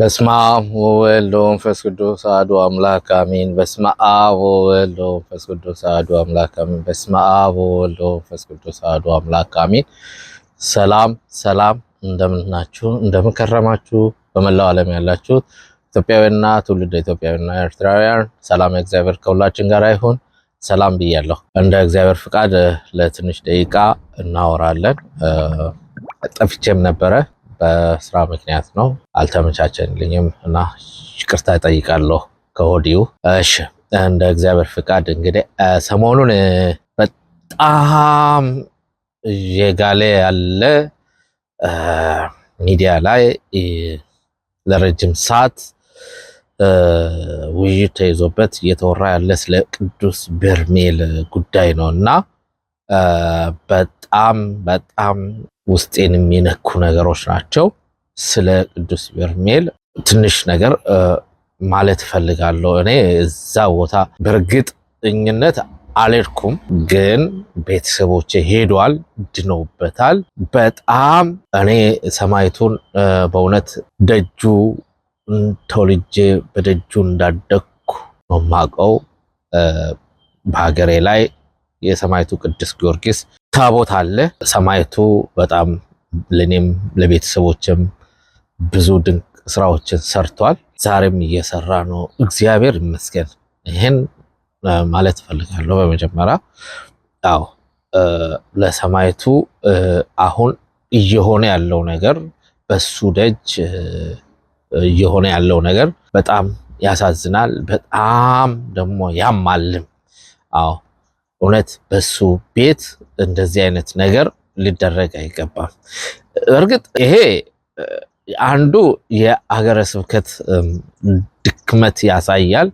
በስመ አብ ወወልድ ወመንፈስ ቅዱስ አሐዱ አምላክ አሜን። በስመ አብ ወወልድ ወመንፈስ ቅዱስ አሐዱ አምላክ አሜን። በስመ አብ ወወልድ ወመንፈስ ቅዱስ አሐዱ አምላክ አሜን። ሰላም ሰላም፣ እንደምንናችሁ እንደምንከረማችሁ፣ በመላው ዓለም ያላችሁ ኢትዮጵያውያንና ትውልደ ኢትዮጵያውያንና ኤርትራውያን ሰላም እግዚአብሔር ከሁላችን ጋር ይሁን። ሰላም ብያለሁ። እንደ እግዚአብሔር ፍቃድ ለትንሽ ደቂቃ እናወራለን። ጠፍቼም ነበረ በስራ ምክንያት ነው አልተመቻቸንልኝም እና ይቅርታ እጠይቃለሁ ከወዲሁ። እሺ እንደ እግዚአብሔር ፍቃድ እንግዲህ ሰሞኑን በጣም የጋለ ያለ ሚዲያ ላይ ለረጅም ሰዓት ውይይት ተይዞበት እየተወራ ያለ ስለ ቅዱስ በርሜል ጉዳይ ነው እና በጣም በጣም ውስጤን የሚነኩ ነገሮች ናቸው። ስለ ቅዱስ በርሜል ትንሽ ነገር ማለት እፈልጋለሁ። እኔ እዛ ቦታ በእርግጠኝነት አልሄድኩም፣ ግን ቤተሰቦች ሄዷል፣ ድነውበታል። በጣም እኔ ሰማይቱን በእውነት ደጁ ተወልጄ በደጁ እንዳደግኩ ነው የማውቀው በሀገሬ ላይ የሰማይቱ ቅዱስ ጊዮርጊስ ታቦት አለ። ሰማይቱ በጣም ለእኔም ለቤተሰቦችም ብዙ ድንቅ ስራዎችን ሰርቷል። ዛሬም እየሰራ ነው። እግዚአብሔር ይመስገን። ይህን ማለት እፈልጋለሁ። በመጀመሪያ አዎ ለሰማይቱ አሁን እየሆነ ያለው ነገር በሱ ደጅ እየሆነ ያለው ነገር በጣም ያሳዝናል። በጣም ደግሞ ያማልም። አዎ እውነት በሱ ቤት እንደዚህ አይነት ነገር ሊደረግ አይገባም። እርግጥ ይሄ አንዱ የአገረ ስብከት ድክመት ያሳያል።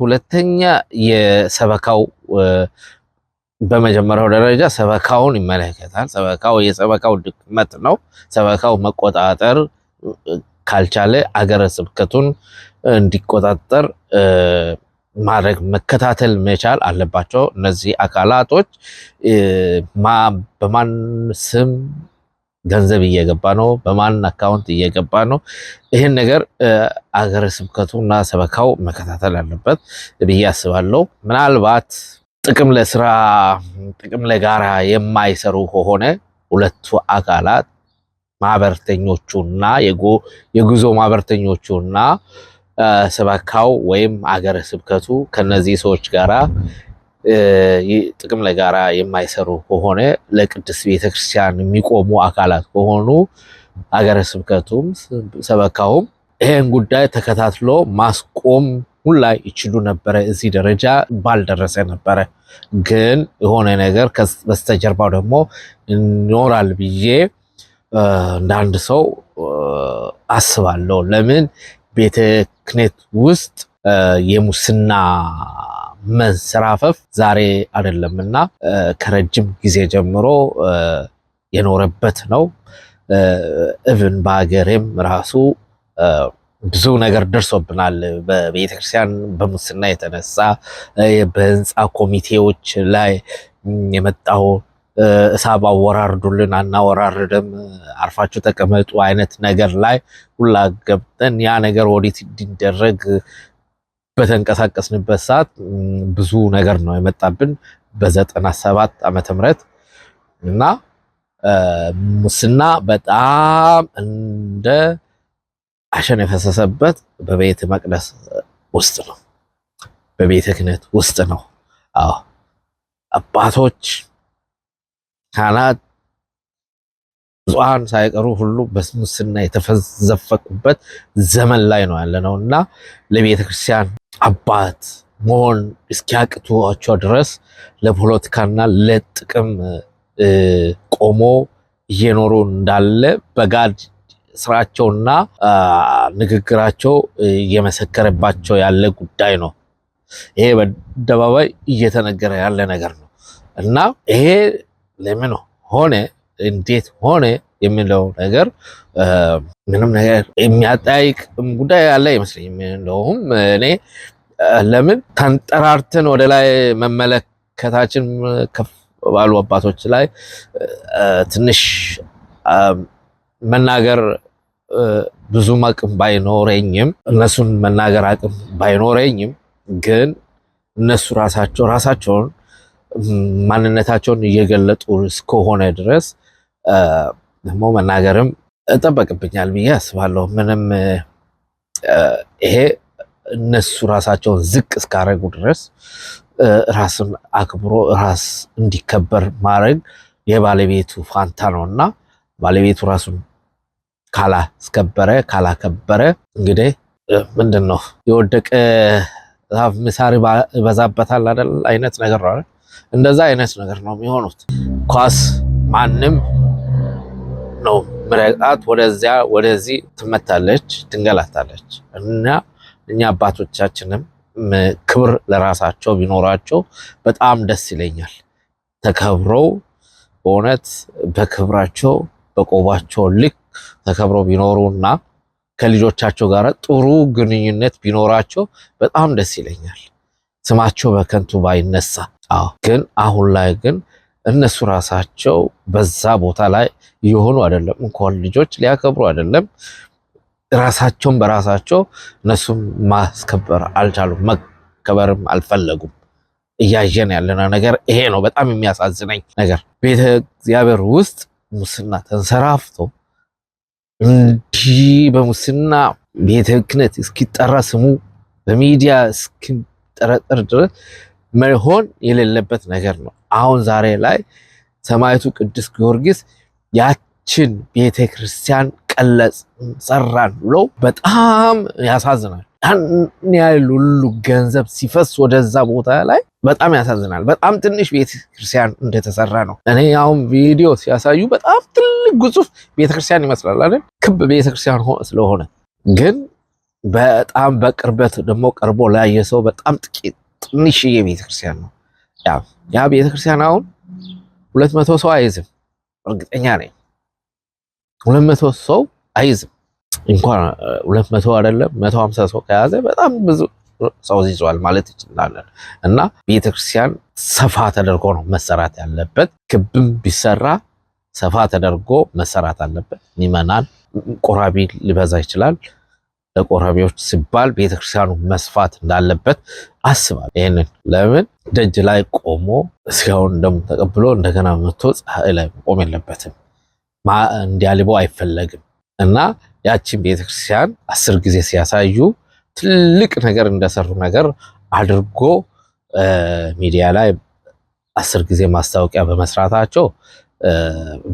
ሁለተኛ የሰበካው በመጀመሪያው ደረጃ ሰበካውን ይመለከታል። ሰበካው የሰበካው ድክመት ነው። ሰበካው መቆጣጠር ካልቻለ አገረ ስብከቱን እንዲቆጣጠር ማድረግ መከታተል መቻል አለባቸው። እነዚህ አካላቶች በማን ስም ገንዘብ እየገባ ነው፣ በማን አካውንት እየገባ ነው። ይህን ነገር አገረ ስብከቱ እና ሰበካው መከታተል አለበት ብዬ አስባለሁ። ምናልባት ጥቅም ለስራ ጥቅም ለጋራ የማይሰሩ ከሆነ ሁለቱ አካላት ማህበርተኞቹና የጉዞ ማህበርተኞቹ እና ሰባካው ወይም አገረ ስብከቱ ከነዚህ ሰዎች ጋራ ጥቅም ለጋራ የማይሰሩ ከሆነ ለቅድስት ቤተክርስቲያን የሚቆሙ አካላት ከሆኑ አገረ ስብከቱም ሰበካውም ይህን ጉዳይ ተከታትሎ ማስቆም ሁላ ይችሉ ነበረ። እዚህ ደረጃ ባልደረሰ ነበረ። ግን የሆነ ነገር በስተጀርባው ደግሞ ይኖራል ብዬ እንደ አንድ ሰው አስባለሁ። ለምን ቤተ ክህነት ውስጥ የሙስና መንሰራፈፍ ዛሬ አይደለም እና ከረጅም ጊዜ ጀምሮ የኖረበት ነው። እብን በሀገሬም ራሱ ብዙ ነገር ደርሶብናል። በቤተክርስቲያን በሙስና የተነሳ በህንፃ ኮሚቴዎች ላይ የመጣው እሳብ አወራርዱልን፣ አናወራርድም፣ አርፋችሁ ተቀመጡ አይነት ነገር ላይ ሁላ ገብጠን ያ ነገር ወዴት እንዲደረግ በተንቀሳቀስንበት ሰዓት ብዙ ነገር ነው የመጣብን በዘጠና ሰባት ዓመተ ምህረት እና ሙስና በጣም እንደ አሸን የፈሰሰበት በቤተ መቅደስ ውስጥ ነው፣ በቤተ ክህነት ውስጥ ነው። አዎ አባቶች ካህናት ብፁዓን ሳይቀሩ ሁሉ በሙስና የተዘፈቁበት ዘመን ላይ ነው ያለነው እና ለቤተ ክርስቲያን አባት መሆን እስኪያቅቷቸው ድረስ ለፖለቲካና ለጥቅም ቆሞ እየኖሩ እንዳለ በጋድ ስራቸውና ንግግራቸው እየመሰከረባቸው ያለ ጉዳይ ነው። ይሄ በአደባባይ እየተነገረ ያለ ነገር ነው እና ይሄ ለምን ሆነ እንዴት ሆነ የሚለው ነገር ምንም ነገር የሚያጠያይቅም ጉዳይ አለ አይመስለኝም። እንደውም እኔ ለምን ተንጠራርተን ወደ ላይ መመለከታችን ከፍ ባሉ አባቶች ላይ ትንሽ መናገር ብዙም አቅም ባይኖረኝም እነሱን መናገር አቅም ባይኖረኝም ግን እነሱ ራሳቸው ራሳቸውን ማንነታቸውን እየገለጡ እስከሆነ ድረስ ደግሞ መናገርም እጠበቅብኛል ብዬ አስባለሁ። ምንም ይሄ እነሱ ራሳቸውን ዝቅ እስካደረጉ ድረስ ራስን አክብሮ ራስ እንዲከበር ማድረግ የባለቤቱ ፋንታ ነው እና ባለቤቱ ራሱን ካላስከበረ ካላከበረ እንግዲህ ምንድን ነው የወደቀ ዛፍ ምሳር ይበዛበታል አይደል አይነት ነገር ነው። እንደዛ አይነት ነገር ነው የሚሆኑት። ኳስ ማንም ነው ምረጣት፣ ወደዚያ ወደዚህ ትመታለች፣ ትንገላታለች እና እኛ አባቶቻችንም ክብር ለራሳቸው ቢኖራቸው በጣም ደስ ይለኛል። ተከብረው በእውነት በክብራቸው በቆባቸው ልክ ተከብረው ቢኖሩና ከልጆቻቸው ጋር ጥሩ ግንኙነት ቢኖራቸው በጣም ደስ ይለኛል። ስማቸው በከንቱ ባይነሳ ግን አሁን ላይ ግን እነሱ ራሳቸው በዛ ቦታ ላይ እየሆኑ አይደለም። እንኳን ልጆች ሊያከብሩ አይደለም ራሳቸውን በራሳቸው እነሱም ማስከበር አልቻሉም፣ መከበርም አልፈለጉም። እያየን ያለነ ነገር ይሄ ነው። በጣም የሚያሳዝነኝ ነገር ቤተ እግዚአብሔር ውስጥ ሙስና ተንሰራፍቶ እንዲህ በሙስና ቤተ ክህነት እስኪጠራ ስሙ በሚዲያ እስኪጠረጠር ድረስ መሆን የሌለበት ነገር ነው። አሁን ዛሬ ላይ ሰማዕቱ ቅዱስ ጊዮርጊስ ያችን ቤተ ክርስቲያን ቀለጽ ሰራን ብሎ በጣም ያሳዝናል። ያን ያህል ሁሉ ገንዘብ ሲፈስ ወደዛ ቦታ ላይ በጣም ያሳዝናል። በጣም ትንሽ ቤተ ክርስቲያን እንደተሰራ ነው። እኔ አሁን ቪዲዮ ሲያሳዩ በጣም ትልቅ ግዙፍ ቤተ ክርስቲያን ይመስላል አይደል? ክብ ቤተ ክርስቲያን ስለሆነ ግን በጣም በቅርበት ደግሞ ቀርቦ ላየ ሰው በጣም ጥቂት ትንሽዬ ቤተክርስቲያን ነው። ያ ቤተክርስቲያን አሁን ሁለት መቶ ሰው አይዝም፣ እርግጠኛ ነኝ ሁለት መቶ ሰው አይዝም። እንኳን ሁለት መቶ አይደለም መቶ ሀምሳ ሰው ከያዘ በጣም ብዙ ሰው ይዟል ማለት እንችላለን። እና ቤተክርስቲያን ሰፋ ተደርጎ ነው መሰራት ያለበት። ክብም ቢሰራ ሰፋ ተደርጎ መሰራት አለበት። ምዕመናን ቆራቢ ሊበዛ ይችላል። ለቆረቢዎች ሲባል ቤተክርስቲያኑ መስፋት እንዳለበት አስባል። ይህንን ለምን ደጅ ላይ ቆሞ እስካሁን ደግሞ ተቀብሎ እንደገና መቶ ፀሐይ ላይ መቆም የለበትም። እንዲያልቦ አይፈለግም እና ያችን ቤተክርስቲያን አስር ጊዜ ሲያሳዩ ትልቅ ነገር እንደሰሩ ነገር አድርጎ ሚዲያ ላይ አስር ጊዜ ማስታወቂያ በመስራታቸው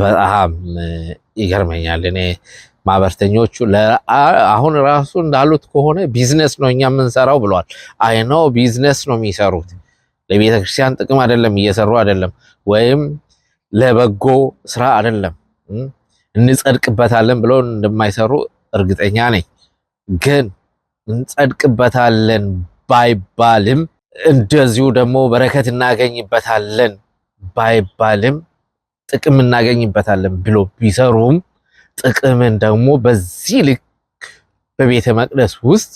በጣም ይገርመኛል እኔ ማህበርተኞቹ አሁን ራሱ እንዳሉት ከሆነ ቢዝነስ ነው እኛ የምንሰራው ብሏል። አይኖ ቢዝነስ ነው የሚሰሩት። ለቤተ ክርስቲያን ጥቅም አይደለም እየሰሩ አይደለም፣ ወይም ለበጎ ስራ አይደለም። እንጸድቅበታለን ብለው እንደማይሰሩ እርግጠኛ ነኝ። ግን እንጸድቅበታለን ባይባልም እንደዚሁ ደግሞ በረከት እናገኝበታለን ባይባልም ጥቅም እናገኝበታለን ብሎ ቢሰሩም ጥቅምን ደግሞ በዚህ ልክ በቤተ መቅደስ ውስጥ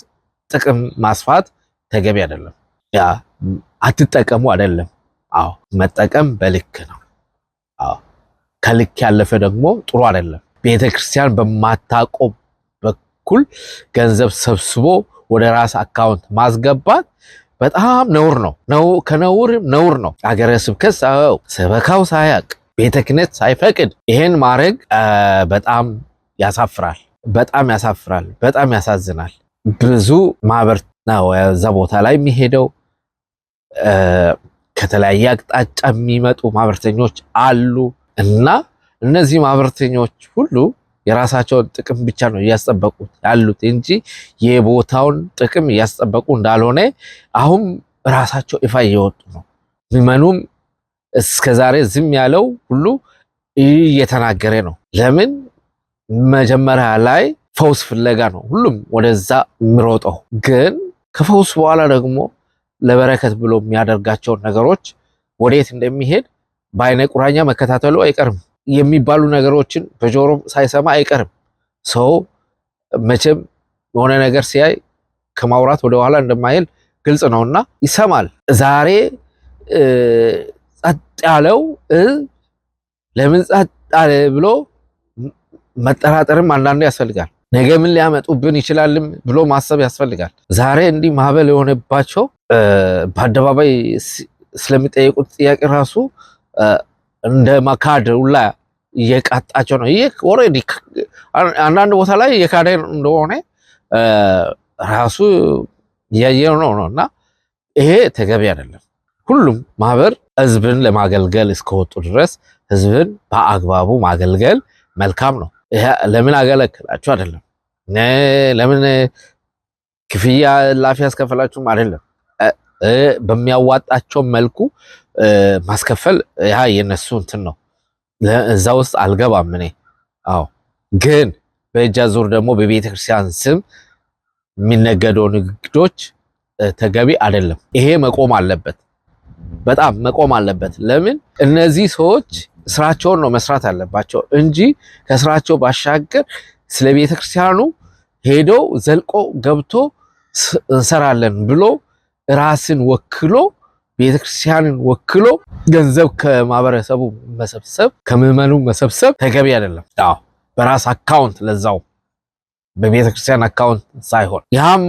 ጥቅም ማስፋት ተገቢ አይደለም። ያ አትጠቀሙ አይደለም። አዎ መጠቀም በልክ ነው። አዎ ከልክ ያለፈ ደግሞ ጥሩ አይደለም። ቤተ ክርስቲያን በማታቆ በኩል ገንዘብ ሰብስቦ ወደ ራስ አካውንት ማስገባት በጣም ነውር ነው። ከነውር ነውር ነው። አገረ ስብከት ሰበካው ሳያቅ ቤተ ክህነት ሳይፈቅድ ይሄን ማድረግ በጣም ያሳፍራል፣ በጣም ያሳፍራል፣ በጣም ያሳዝናል። ብዙ ማህበር ነው እዛ ቦታ ላይ የሚሄደው። ከተለያየ አቅጣጫ የሚመጡ ማህበርተኞች አሉ እና እነዚህ ማህበርተኞች ሁሉ የራሳቸውን ጥቅም ብቻ ነው እያስጠበቁት ያሉት እንጂ የቦታውን ጥቅም እያስጠበቁ እንዳልሆነ አሁን ራሳቸው ይፋ እየወጡ ነው። ምዕመኑም እስከ ዛሬ ዝም ያለው ሁሉ እየተናገረ ነው። ለምን መጀመሪያ ላይ ፈውስ ፍለጋ ነው ሁሉም ወደዛ የሚሮጠው። ግን ከፈውስ በኋላ ደግሞ ለበረከት ብሎ የሚያደርጋቸውን ነገሮች ወዴት እንደሚሄድ በአይነ ቁራኛ መከታተሉ አይቀርም። የሚባሉ ነገሮችን በጆሮ ሳይሰማ አይቀርም። ሰው መቼም የሆነ ነገር ሲያይ ከማውራት ወደኋላ እንደማይል ግልጽ ነውና ይሰማል። ዛሬ ጸጥ ያለው ለምን ጸጥ አለ ብሎ መጠራጠርም አንዳንዱ ያስፈልጋል። ነገ ምን ሊያመጡብን ይችላልም ብሎ ማሰብ ያስፈልጋል። ዛሬ እንዲህ ማዕበል የሆነባቸው በአደባባይ ስለሚጠየቁት ጥያቄ ራሱ እንደ መካድ ሁላ እየቃጣቸው ነው። ይህ ኦልሬዲ አንዳንድ ቦታ ላይ የካደ እንደሆነ ራሱ እያየ ነው ነው እና ይሄ ተገቢ አይደለም። ሁሉም ማህበር ህዝብን ለማገልገል እስከወጡ ድረስ ህዝብን በአግባቡ ማገልገል መልካም ነው። ለምን አገለክላችሁ አይደለም፣ ለምን ክፍያ ላፊ ያስከፈላችሁም አይደለም። በሚያዋጣቸው መልኩ ማስከፈል ያ የነሱ እንትን ነው። እዛ ውስጥ አልገባም እኔ። አዎ ግን በእጅ አዙር ደግሞ በቤተክርስቲያን ስም የሚነገደው ንግዶች ተገቢ አይደለም። ይሄ መቆም አለበት። በጣም መቆም አለበት። ለምን እነዚህ ሰዎች ስራቸውን ነው መስራት ያለባቸው እንጂ ከስራቸው ባሻገር ስለ ቤተ ክርስቲያኑ ሄደው ዘልቆ ገብቶ እንሰራለን ብሎ ራስን ወክሎ ቤተክርስቲያንን ወክሎ ገንዘብ ከማህበረሰቡ መሰብሰብ ከምዕመኑ መሰብሰብ ተገቢ አይደለም። አዎ በራስ አካውንት ለዛው በቤተክርስቲያን አካውንት ሳይሆን ያም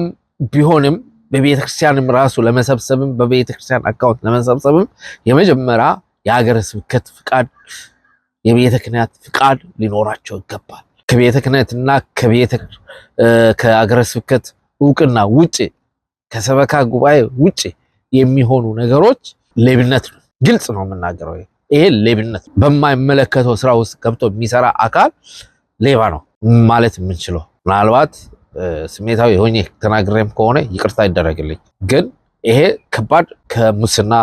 ቢሆንም በቤተ ክርስቲያንም ራሱ ለመሰብሰብም በቤተ ክርስቲያን አካውንት ለመሰብሰብም የመጀመሪያ የሀገረ ስብከት ፍቃድ፣ የቤተ ክህነት ፍቃድ ሊኖራቸው ይገባል። ከቤተ ክህነትና ከሀገረ ስብከት እውቅና ውጭ ከሰበካ ጉባኤ ውጭ የሚሆኑ ነገሮች ሌብነት ነው። ግልጽ ነው የምናገረው። ይሄ ሌብነት በማይመለከተው ስራ ውስጥ ገብቶ የሚሰራ አካል ሌባ ነው ማለት የምንችለው ምናልባት ስሜታዊ ሆኜ ተናግሬም ከሆነ ይቅርታ ይደረግልኝ። ግን ይሄ ከባድ ከሙስና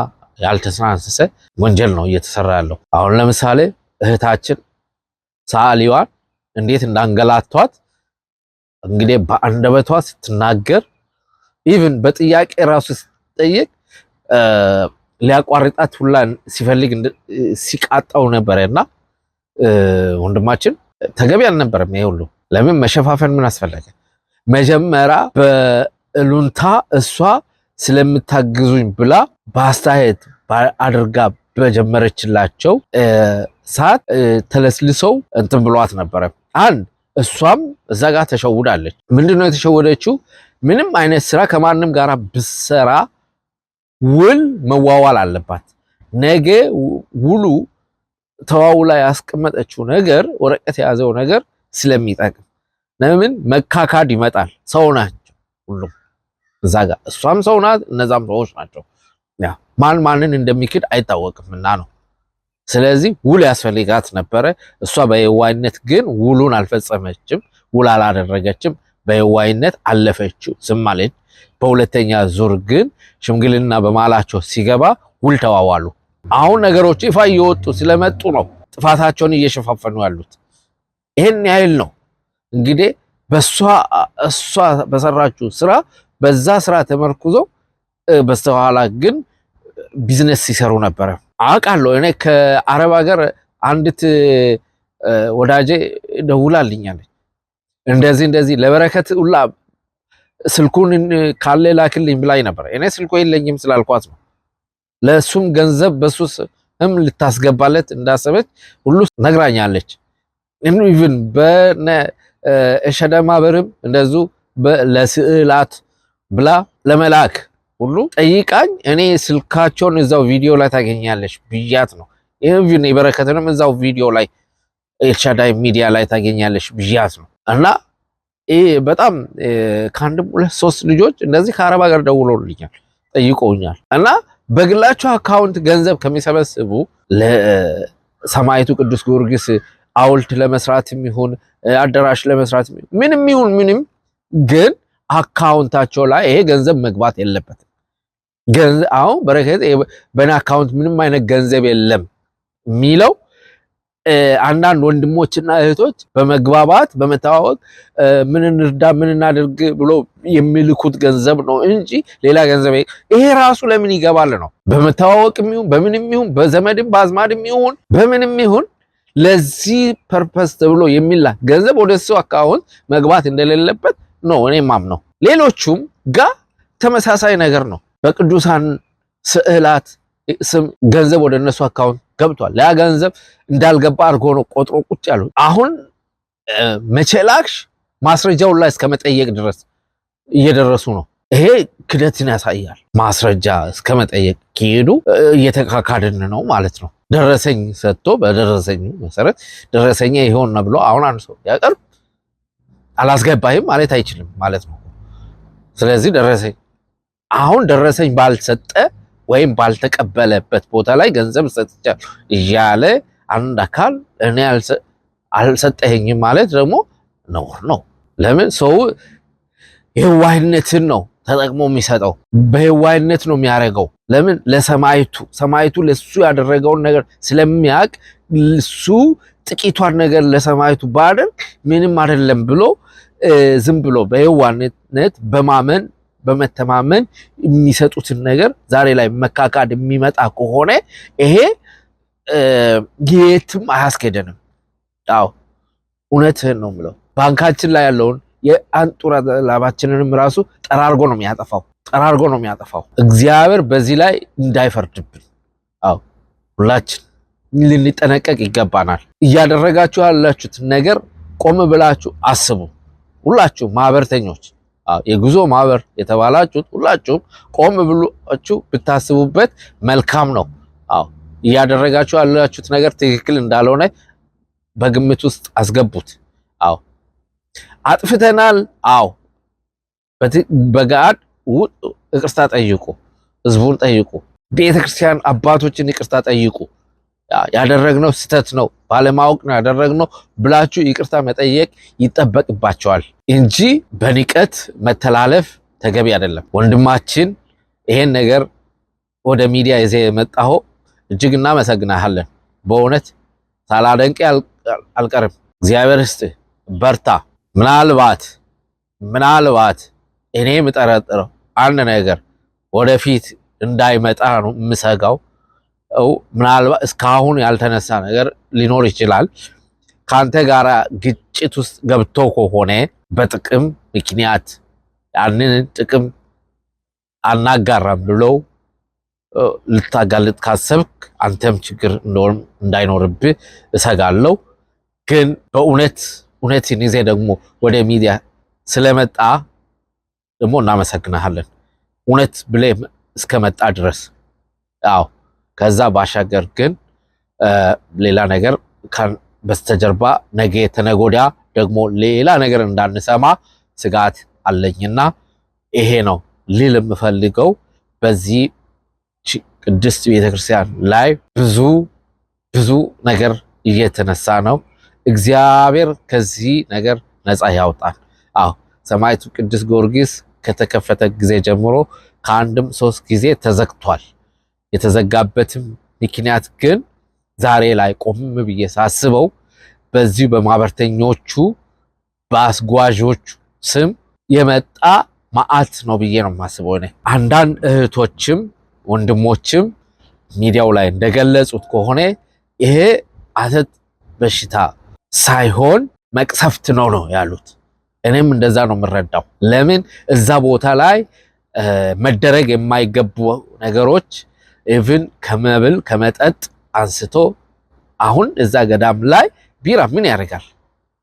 ያልተሰናሰሰ ወንጀል ነው እየተሰራ ያለው። አሁን ለምሳሌ እህታችን ሰዓሊዋን እንዴት እንዳንገላቷት እንግዲህ በአንደበቷ ስትናገር ኢቭን በጥያቄ ራሱ ስትጠየቅ ሊያቋርጣት ሁላ ሲፈልግ ሲቃጣው ነበረ። እና ወንድማችን ተገቢ አልነበረም ይሄ ሁሉ። ለምን መሸፋፈን ምን አስፈለገ? መጀመሪያ በእሉንታ እሷ ስለምታግዙኝ ብላ በአስተያየት አድርጋ በጀመረችላቸው ሰዓት ተለስልሰው እንትን ብሏት ነበረ። አንድ እሷም እዛ ጋር ተሸውዳለች። ምንድነው የተሸወደችው? ምንም አይነት ስራ ከማንም ጋር ብሰራ ውል መዋዋል አለባት። ነገ ውሉ ተዋውላ ያስቀመጠችው ነገር ወረቀት የያዘው ነገር ስለሚጠቅም ለምን መካካድ ይመጣል? ሰው ናቸው ሁሉም እዛ ጋር እሷም ሰው ናት፣ እነዛም ሰዎች ናቸው። ማን ማንን እንደሚክድ አይታወቅምና ነው። ስለዚህ ውል ያስፈልጋት ነበረ። እሷ በየዋይነት ግን ውሉን አልፈጸመችም፣ ውል አላደረገችም። በየዋይነት አለፈችው፣ ዝም አለች። በሁለተኛ ዙር ግን ሽምግልና በማላቸው ሲገባ ውል ተዋዋሉ። አሁን ነገሮች ይፋ እየወጡ ስለመጡ ነው ጥፋታቸውን እየሸፋፈኑ ያሉት። ይህን ያህል ነው። እንግዲህ በሷ እሷ በሰራችው ስራ በዛ ስራ ተመርኩዘው በስተኋላ ግን ቢዝነስ ሲሰሩ ነበረ። አውቃለሁ። እኔ ከአረብ ሀገር አንዲት ወዳጄ ደውላልኛለች። እንደዚህ እንደዚህ ለበረከት ሁላ ስልኩን ካለ ላክልኝ ብላኝ ነበር። እኔ ስልኩ የለኝም ስላልኳት ነው። ለእሱም ገንዘብ በሱ ስም ልታስገባለት እንዳሰበች ሁሉ ነግራኛለች። ኢቭን እሸደ ማህበርም እንደዙ ለስዕላት ብላ ለመላክ ሁሉ ጠይቃኝ እኔ ስልካቸውን እዛው ቪዲዮ ላይ ታገኛለች ብያት ነው። ይህም የበረከትንም እዛው ቪዲዮ ላይ ኤልሻዳይ ሚዲያ ላይ ታገኛለች ብያት ነው እና ይህ በጣም ከአንድም ሁለት ሶስት ልጆች እንደዚህ ከአረብ ሀገር ደውሎልኛል፣ ጠይቆኛል እና በግላቸው አካውንት ገንዘብ ከሚሰበስቡ ለሰማይቱ ቅዱስ ጊዮርጊስ ሐውልት ለመስራት የሚሆን አዳራሽ ለመስራት ምንም ይሁን ምንም፣ ግን አካውንታቸው ላይ ይሄ ገንዘብ መግባት የለበትም። አሁን በረከት በእኔ አካውንት ምንም አይነት ገንዘብ የለም የሚለው አንዳንድ ወንድሞችና እህቶች በመግባባት በመተዋወቅ ምን እንርዳ ምን እናድርግ ብሎ የሚልኩት ገንዘብ ነው እንጂ ሌላ ገንዘብ ይሄ ራሱ ለምን ይገባል ነው። በመተዋወቅ ይሁን በምንም ይሁን በዘመድም በአዝማድም ይሁን በምንም ይሁን ለዚህ ፐርፐስ ተብሎ የሚላክ ገንዘብ ወደ ሰው አካውንት መግባት እንደሌለበት ነው እኔ ማምነው። ሌሎቹም ጋ ተመሳሳይ ነገር ነው። በቅዱሳን ስዕላት ስም ገንዘብ ወደ እነሱ አካውንት ገብቷል። ያ ገንዘብ እንዳልገባ አድርጎ ነው ቆጥሮ ቁጭ ያሉት። አሁን መቼ ላክሽ ማስረጃውን ላይ እስከመጠየቅ ድረስ እየደረሱ ነው። ይሄ ክደትን ያሳያል። ማስረጃ እስከመጠየቅ ከሄዱ እየተካካድን ነው ማለት ነው። ደረሰኝ ሰጥቶ በደረሰኝ መሰረት ደረሰኛ ይሆን ነው ብሎ አሁን አንድ ሰው ያቀርብ አላስገባህም ማለት አይችልም ማለት ነው። ስለዚህ ደረሰኝ አሁን ደረሰኝ ባልሰጠ ወይም ባልተቀበለበት ቦታ ላይ ገንዘብ ሰጥቻለሁ እያለ አንድ አካል እኔ አልሰጠኝም ማለት ደግሞ ነውር ነው። ለምን ሰው የዋህነትን ነው ተጠቅሞ የሚሰጠው በህዋይነት ነው የሚያደርገው። ለምን ለሰማይቱ ሰማይቱ ለሱ ያደረገውን ነገር ስለሚያውቅ እሱ ጥቂቷን ነገር ለሰማይቱ ባደርግ ምንም አይደለም ብሎ ዝም ብሎ በህዋነት በማመን በመተማመን የሚሰጡትን ነገር ዛሬ ላይ መካካድ የሚመጣ ከሆነ ይሄ የትም አያስኬደንም። አዎ እውነትህን ነው የምለው ባንካችን ላይ ያለውን የአንጡራ ላባችንንም ራሱ ጠራርጎ ነው የሚያጠፋው፣ ጠራርጎ ነው የሚያጠፋው። እግዚአብሔር በዚህ ላይ እንዳይፈርድብን፣ አዎ ሁላችን ልንጠነቀቅ ይገባናል። እያደረጋችሁ ያላችሁት ነገር ቆም ብላችሁ አስቡ። ሁላችሁ ማህበርተኞች፣ የጉዞ ማህበር የተባላችሁት ሁላችሁም ቆም ብላችሁ ብታስቡበት መልካም ነው። አዎ እያደረጋችሁ ያላችሁት ነገር ትክክል እንዳልሆነ በግምት ውስጥ አስገቡት። አጥፍተናል። አዎ በጋድ ይቅርታ ጠይቁ፣ ህዝቡን ጠይቁ፣ ቤተክርስቲያን አባቶችን ይቅርታ ጠይቁ። ያደረግነው ስህተት ነው፣ ባለማወቅ ነው ያደረግነው ብላችሁ ይቅርታ መጠየቅ ይጠበቅባቸዋል እንጂ በንቀት መተላለፍ ተገቢ አይደለም። ወንድማችን ይሄን ነገር ወደ ሚዲያ ይዜ የመጣሁ እጅግ እናመሰግናሃለን። በእውነት ሳላደንቅ አልቀርም። እግዚአብሔር ስጥ፣ በርታ። ምናልባት ምናልባት እኔ የምጠረጥረው አንድ ነገር ወደፊት እንዳይመጣ ነው የምሰጋው። ምናልባት እስካሁን ያልተነሳ ነገር ሊኖር ይችላል። ከአንተ ጋር ግጭት ውስጥ ገብቶ ከሆነ በጥቅም ምክንያት ያንን ጥቅም አናጋራም ብለው ልታጋልጥ ካሰብክ አንተም ችግር እንዳይኖርብህ እሰጋለሁ። ግን በእውነት እውነትን ይዜ ደግሞ ወደ ሚዲያ ስለመጣ ደግሞ እናመሰግናሃለን። እውነት ብለ እስከመጣ ድረስ አዎ። ከዛ ባሻገር ግን ሌላ ነገር በስተጀርባ ነገ ተነጎዳ ደግሞ ሌላ ነገር እንዳንሰማ ስጋት አለኝና ይሄ ነው ልል የምፈልገው። በዚህ ቅድስት ቤተክርስቲያን ላይ ብዙ ብዙ ነገር እየተነሳ ነው። እግዚአብሔር ከዚህ ነገር ነፃ ያውጣል። አዎ ሰማዕቱ ቅዱስ ጊዮርጊስ ከተከፈተ ጊዜ ጀምሮ ከአንድም ሶስት ጊዜ ተዘግቷል። የተዘጋበትም ምክንያት ግን ዛሬ ላይ ቆም ብዬ ሳስበው በዚሁ በማህበርተኞቹ በአስጓዦቹ ስም የመጣ ማአት ነው ብዬ ነው የማስበው። እኔ አንዳንድ እህቶችም ወንድሞችም ሚዲያው ላይ እንደገለጹት ከሆነ ይሄ አተት በሽታ ሳይሆን መቅሰፍት ነው ነው ያሉት። እኔም እንደዛ ነው የምረዳው። ለምን እዛ ቦታ ላይ መደረግ የማይገቡ ነገሮች ኢቭን ከመብል ከመጠጥ አንስቶ አሁን እዛ ገዳም ላይ ቢራ ምን ያደርጋል?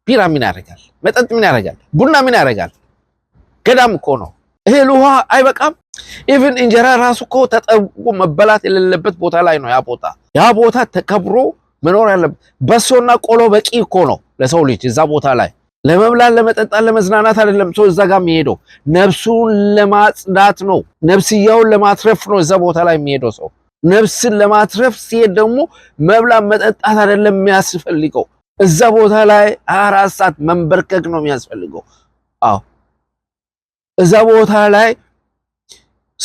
ቢራ ምን ያደርጋል? መጠጥ ምን ያደርጋል? ቡና ምን ያደርጋል? ገዳም እኮ ነው። እህል ውሃ አይበቃም። ኢቭን እንጀራ ራሱ እኮ ተጠቁ መበላት የሌለበት ቦታ ላይ ነው ያ ቦታ ያ ቦታ ተከብሮ መኖር ያለብ በሶና ቆሎ በቂ እኮ ነው ለሰው ልጅ እዛ ቦታ ላይ ለመብላት ለመጠጣት ለመዝናናት አይደለም ሰው እዛ ጋር የሚሄደው ነፍሱን ለማጽዳት ነው ነፍስያውን ለማትረፍ ነው እዛ ቦታ ላይ የሚሄደው ሰው ነፍስን ለማትረፍ ሲሄድ ደግሞ መብላት መጠጣት አይደለም የሚያስፈልገው እዛ ቦታ ላይ አራት ሰዓት መንበርከክ ነው የሚያስፈልገው አዎ እዛ ቦታ ላይ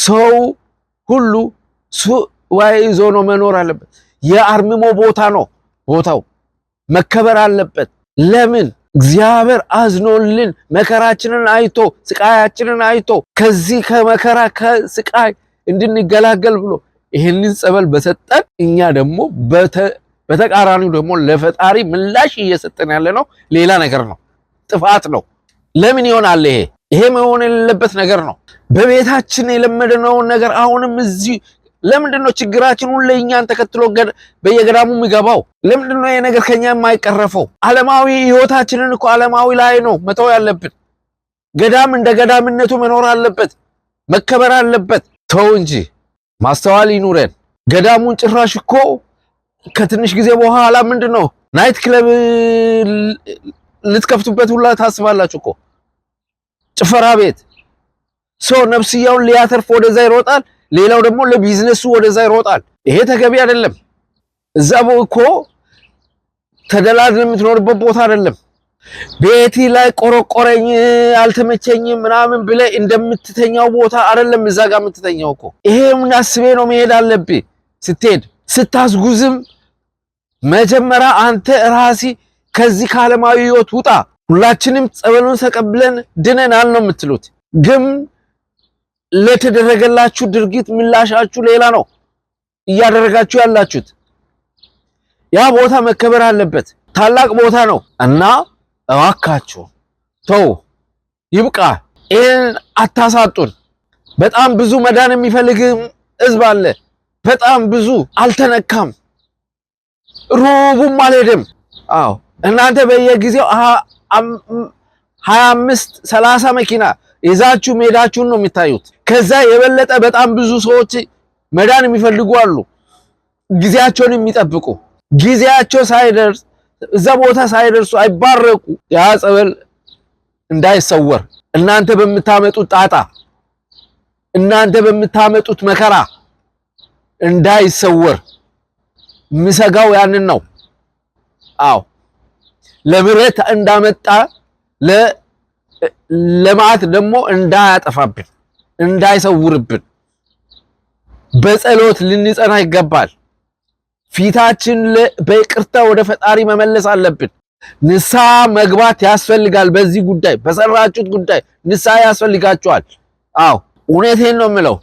ሰው ሁሉ ሱባኤ ይዞ ነው መኖር አለበት የአርምሞ ቦታ ነው። ቦታው መከበር አለበት። ለምን? እግዚአብሔር አዝኖልን መከራችንን አይቶ ስቃያችንን አይቶ ከዚህ ከመከራ ከስቃይ እንድንገላገል ብሎ ይህንን ጸበል በሰጠን እኛ ደግሞ በተቃራኒው ደግሞ ለፈጣሪ ምላሽ እየሰጠን ያለ ነው። ሌላ ነገር ነው፣ ጥፋት ነው። ለምን ይሆናል? ይሄ ይሄ መሆን የሌለበት ነገር ነው። በቤታችን የለመደነውን ነገር አሁንም እዚህ ለምንድን ነው ችግራችን ሁሌ እኛን ተከትሎ በየገዳሙ የሚገባው? ለምንድን ነው የነገር ከኛ የማይቀረፈው? ዓለማዊ ህይወታችንን እኮ ዓለማዊ ላይ ነው መተው ያለብን። ገዳም እንደ ገዳምነቱ መኖር አለበት፣ መከበር አለበት። ተው እንጂ ማስተዋል ይኑረን። ገዳሙን ጭራሽ እኮ ከትንሽ ጊዜ በኋላ ምንድን ነው ናይት ክለብ ልትከፍቱበት ሁላ ታስባላችሁ እኮ ጭፈራ ቤት። ሰው ነፍስያውን ሊያተርፍ ወደዛ ይሮጣል። ሌላው ደግሞ ለቢዝነሱ ወደዛ ይሮጣል። ይሄ ተገቢ አይደለም። እዛ እኮ ተደላድል የምትኖርበት ቦታ አይደለም። ቤቲ ላይ ቆረቆረኝ አልተመቸኝም ምናምን ብለ እንደምትተኛው ቦታ አይደለም። እዛ ጋር የምትተኛው እኮ ይሄ አስቤ ነው መሄድ አለብህ። ስትሄድ ስታስጉዝም መጀመሪያ አንተ ራሲ ከዚህ ከዓለማዊ ህይወት ውጣ። ሁላችንም ጸበሉን ተቀብለን ድነናል ነው የምትሉት ግን ለተደረገላችሁ ድርጊት ምላሻችሁ ሌላ ነው እያደረጋችሁ ያላችሁት። ያ ቦታ መከበር አለበት። ታላቅ ቦታ ነው እና እባካችሁ ተው፣ ይብቃ፣ ይህን አታሳጡን። በጣም ብዙ መዳን የሚፈልግም ህዝብ አለ። በጣም ብዙ አልተነካም፣ ሩቡም አልሄድም። አዎ እናንተ በየጊዜው ሀያ አምስት ሰላሳ መኪና ይዛችሁ መሄዳችሁን ነው የሚታዩት። ከዛ የበለጠ በጣም ብዙ ሰዎች መዳን የሚፈልጉ አሉ፣ ጊዜያቸውን የሚጠብቁ ጊዜያቸው ሳይደርስ እዛ ቦታ ሳይደርሱ አይባረቁ። ያ ጸበል እንዳይሰወር እናንተ በምታመጡት ጣጣ፣ እናንተ በምታመጡት መከራ እንዳይሰወር ምሰጋው ያንን ነው። አዎ ለምሬት እንዳመጣ ልማት ደግሞ እንዳያጠፋብን እንዳይሰውርብን በጸሎት ልንጸና ይገባል። ፊታችን በይቅርታ ወደ ፈጣሪ መመለስ አለብን። ንስሐ መግባት ያስፈልጋል። በዚህ ጉዳይ በሰራችሁት ጉዳይ ንስሐ ያስፈልጋችኋል። አዎ እውነቴን ነው የምለው።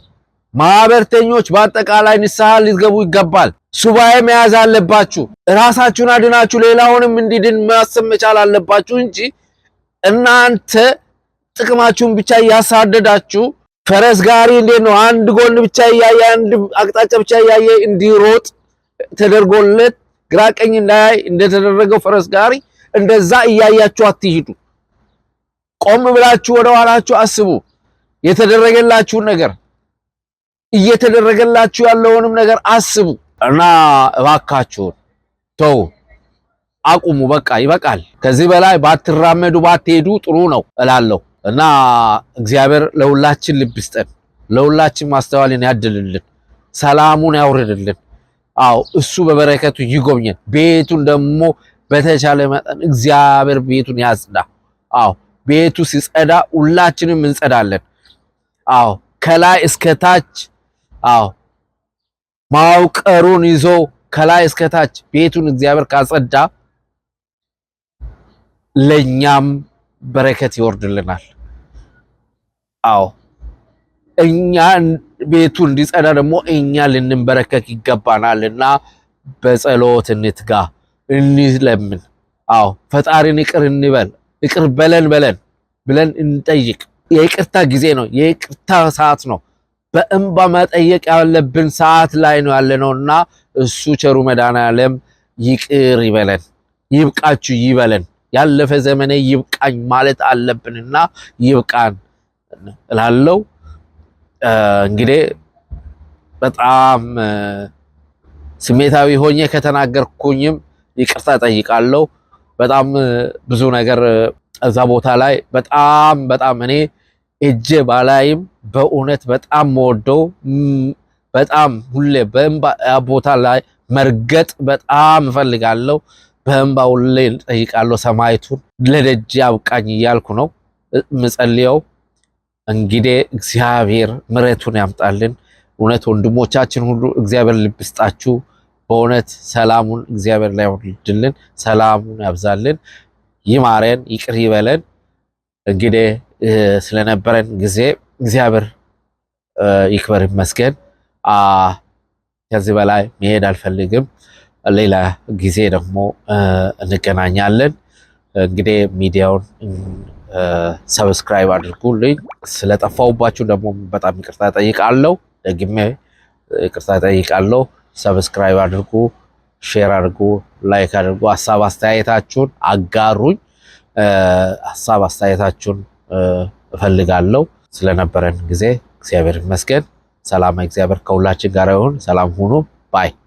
ማህበርተኞች በአጠቃላይ ንስሐ ሊገቡ ይገባል። ሱባኤ መያዝ አለባችሁ። እራሳችሁን አድናችሁ ሌላውንም እንዲድን ማሰብ መቻል አለባችሁ እንጂ እናንተ ጥቅማችሁን ብቻ እያሳደዳችሁ ፈረስ ጋሪ እንዴት ነው አንድ ጎን ብቻ እያየ አንድ አቅጣጫ ብቻ እያየ እንዲሮጥ ተደርጎለት ግራ ቀኝ እንዳያይ እንደተደረገው ፈረስ ጋሪ እንደዛ እያያችሁ አትሂዱ። ቆም ብላችሁ ወደ ኋላችሁ አስቡ። የተደረገላችሁን ነገር እየተደረገላችሁ ያለውንም ነገር አስቡ እና እባካችሁን ተው፣ አቁሙ። በቃ ይበቃል። ከዚህ በላይ ባትራመዱ ባትሄዱ ጥሩ ነው እላለሁ። እና እግዚአብሔር ለሁላችን ልብ ይስጠን፣ ለሁላችን ማስተዋልን ያድልልን፣ ሰላሙን ያውርድልን። አዎ እሱ በበረከቱ ይጎብኘን። ቤቱን ደግሞ በተቻለ መጠን እግዚአብሔር ቤቱን ያጽዳ። አዎ ቤቱ ሲጸዳ ሁላችንም እንጸዳለን። አዎ ከላይ እስከ ታች አዎ ማውቀሩን ይዞ ከላይ እስከ ታች ቤቱን እግዚአብሔር ካጸዳ ለኛም በረከት ይወርድልናል። አዎ እኛ ቤቱ እንዲጸዳ ደግሞ እኛ ልንበረከክ ይገባናል እና በጸሎት እንትጋ፣ እንለምን። አዎ ፈጣሪን ይቅር እንበል። ይቅር በለን በለን ብለን እንጠይቅ። የይቅርታ ጊዜ ነው፣ የይቅርታ ሰዓት ነው። በእንባ መጠየቅ ያለብን ሰዓት ላይ ነው ያለነው እና እሱ ቸሩ መድኃኔዓለም ይቅር ይበለን፣ ይብቃችሁ ይበለን። ያለፈ ዘመኔ ይብቃኝ ማለት አለብንና ይብቃን። እላለው። እንግዲህ በጣም ስሜታዊ ሆኜ ከተናገርኩኝም ይቅርታ ጠይቃለሁ። በጣም ብዙ ነገር እዛ ቦታ ላይ በጣም በጣም እኔ እጄ ባላይም በእውነት በጣም መወደው በጣም ሁሌ በእንባ ቦታ ላይ መርገጥ በጣም እፈልጋለሁ። በእንባ ሁሌ ጠይቃለሁ ሰማይቱን ለደጅ አብቃኝ እያልኩ ነው ምጸልየው። እንግዲህ እግዚአብሔር ምረቱን ያምጣልን። እውነት ወንድሞቻችን ሁሉ እግዚአብሔር ልብ በእውነት ሰላሙን እግዚአብሔር ላይ ወርድልን፣ ሰላሙን ያብዛልን፣ ይማረን፣ ይቅር ይበለን። እንግዲህ ስለነበረን ጊዜ እግዚአብሔር ይክበር ይመስገን። ከዚህ በላይ መሄድ አልፈልግም። ሌላ ጊዜ ደግሞ እንገናኛለን። እንግዲህ ሚዲያውን ሰብስክራይብ አድርጉልኝ። ስለጠፋውባችሁ ደግሞ በጣም ይቅርታ ጠይቃለሁ። ደግሜ ይቅርታ ጠይቃለሁ። ሰብስክራይብ አድርጉ፣ ሼር አድርጉ፣ ላይክ አድርጉ። ሀሳብ አስተያየታችሁን አጋሩኝ። ሀሳብ አስተያየታችሁን እፈልጋለሁ። ስለነበረን ጊዜ እግዚአብሔር ይመስገን። ሰላም እግዚአብሔር ከሁላችን ጋር ይሁን። ሰላም ሁኑ ባይ